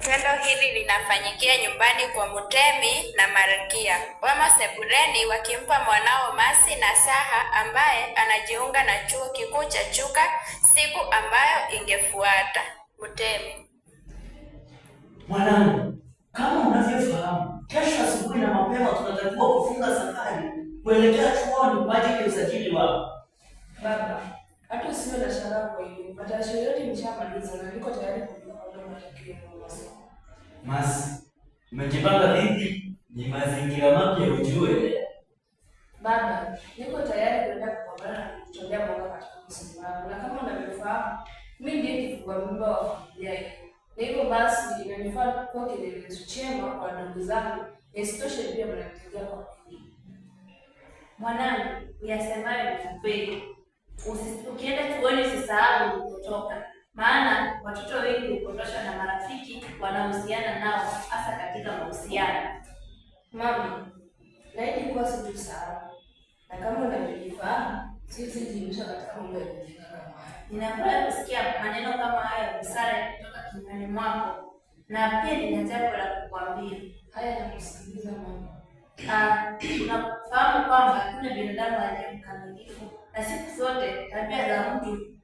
Tendo hili linafanyikia nyumbani kwa Mutemi na Malkia, wamo sebuleni wakimpa mwanao Masi na Saha ambaye anajiunga na chuo kikuu cha Chuka siku ambayo ingefuata. Mutemi: Mwanangu, kama unavyofahamu, kesho asubuhi na mapema tunatakiwa kufunga safari kuelekea chuoni kwa ajili ya usajili wao. Baba, hata usiwe na shaka kwa hilo, matayarisho yote nimeshamaliza na niko tayari Masi. umejipanga vipi? Ni mazingira mapya ujue. Baba, niko tayari kuenda kupambana na kutolea mwanga katika msimu wangu, na kama unavyofahamu mimi ndiye kifua mimba wa familia hii, na hivyo basi inanifaa kuwa kielelezo chema kwa ndugu zangu, isitoshe pia mnanitegemea kwa wingi. Mwanangu, yasemayo ni ukweli. Ukienda chuoni usisahau kutoka maana watoto wengi hupotoshwa na marafiki wanaohusiana nao, hasa katika mahusiano. Mama, naidi kuwa sawa, na kama unavyojifahamu jiusha katika mambo ya kujenga. Ninafurahi kusikia maneno kama ya busara yakitoka kinywani mwako, na pia nina jambo la kukuambia Haya, nakusikiliza mama. Ah, tunafahamu kwamba hakuna binadamu aliye mkamilifu, na siku zote tabia za mtu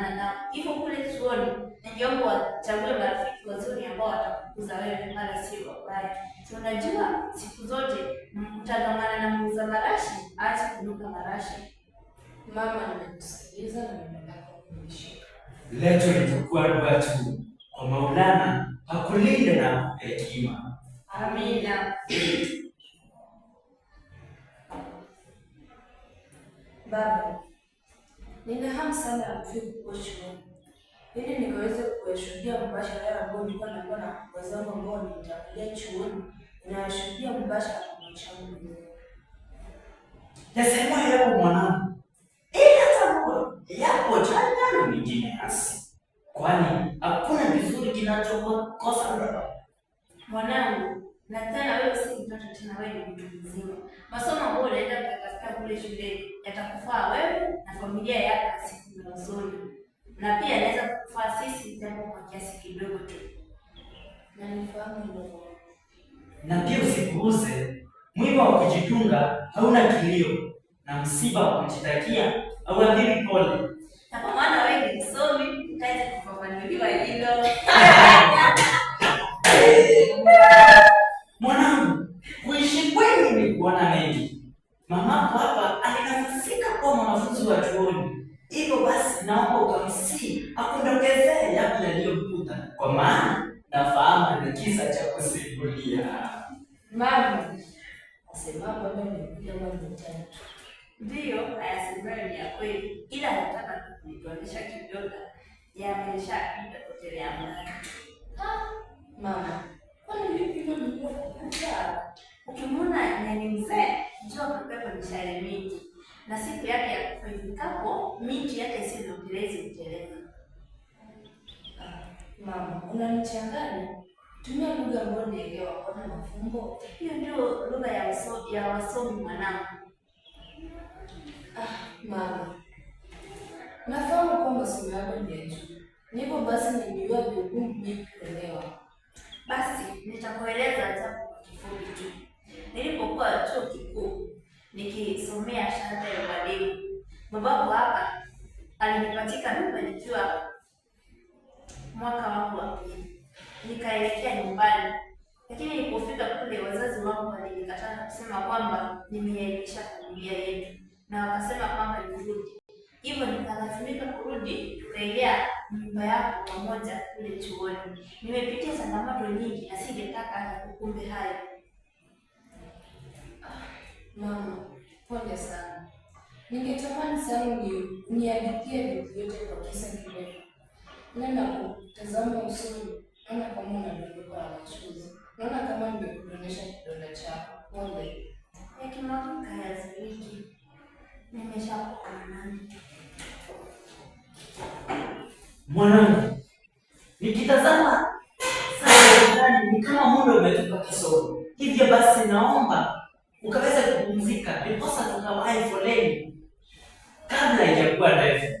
maana na hivyo kule chuoni, najiomba wachague marafiki wazuri ambao watakukuza wewe, wala si wabaya. Tunajua siku zote mtazamana na muuza marashi, acha kunuka marashi. Mama, anatusikiliza na nimeenda kukushika. Leto litakuwa watu kwa Maulana akulinde na hekima. Amina. Baba Nina hamu sana ya kufika huko shuleni ili nikaweze kuyashuhudia mubashara ambayo nilikuwa nakuwa na wazazi ambao nilitangulia chuoni, ninayashuhudia mubashara kwa maisha yangu. Nasema yako mwanangu tena wewe ni mtu mzima. Masomo ambayo unaenda kutafuta kule shule yatakufaa wewe na familia yako siku za usoni, na pia inaweza kukufaa sisi, jambo kwa kiasi kidogo tu, na nifahamu ndio. Na pia usipuuze, mwiba wa kujitunga hauna kilio, na msiba wa kujitakia hauathiri pole, na kwa maana wewe ni msomi utaweza kufafanuliwa hilo. kwa maana nafahamu ni kisa cha kusimulia. Mama asemapo kwamba nimekuja mara mitatu, ndiyo ayasemayo ni ya kweli, ila nataka kukuonyesha kidogo yameshapita kutelea mali. Mama kwani vipi aa, ukimwona nyani mzee njoo kapepo ni shale na siku yake ya kufikapo miti yake isizopelezi uteleza Mama, unanichanganya. Tumia lugha ambayo naelewa, kuna mafumbo. Hiyo ndio lugha ya wasomi ya wasomi mwanangu. Ah, mama. Nafahamu kwamba simu yako ni ya Niko basi nijua vigumu mimi kuelewa. Basi nitakueleza hata kifupi tu. Nilipokuwa chuo kikuu nikisomea shahada ya ualimu, babangu hapa alinipatika nikiwa mwaka wangu wa pili, nikaelekea nyumbani, lakini nilipofika kule wazazi wangu walinikataa kusema kwamba nimeiaibisha familia yetu, na wakasema kwamba nirudi. Hivyo nikalazimika kurudi, tukaelea nyumba yako pamoja kule chuoni. Nimepitia changamoto nyingi, asingetaka kukumbe hayo. Ah, mama, pole sana. Ningetamani sana ni niandikie vyote kwa kisa kirefu nenda kutazama usoni, naona kama unadondoka machozi, naona kama nimekudondesha kidonda chako. Pole yakimamu kayaziliki, nani mwanangu. Nikitazama sana ni kama muda umetupa kisogo, hivyo basi naomba ukaweza kupumzika, ndiposa tukawahi foleni kabla haijakuwa ndefu.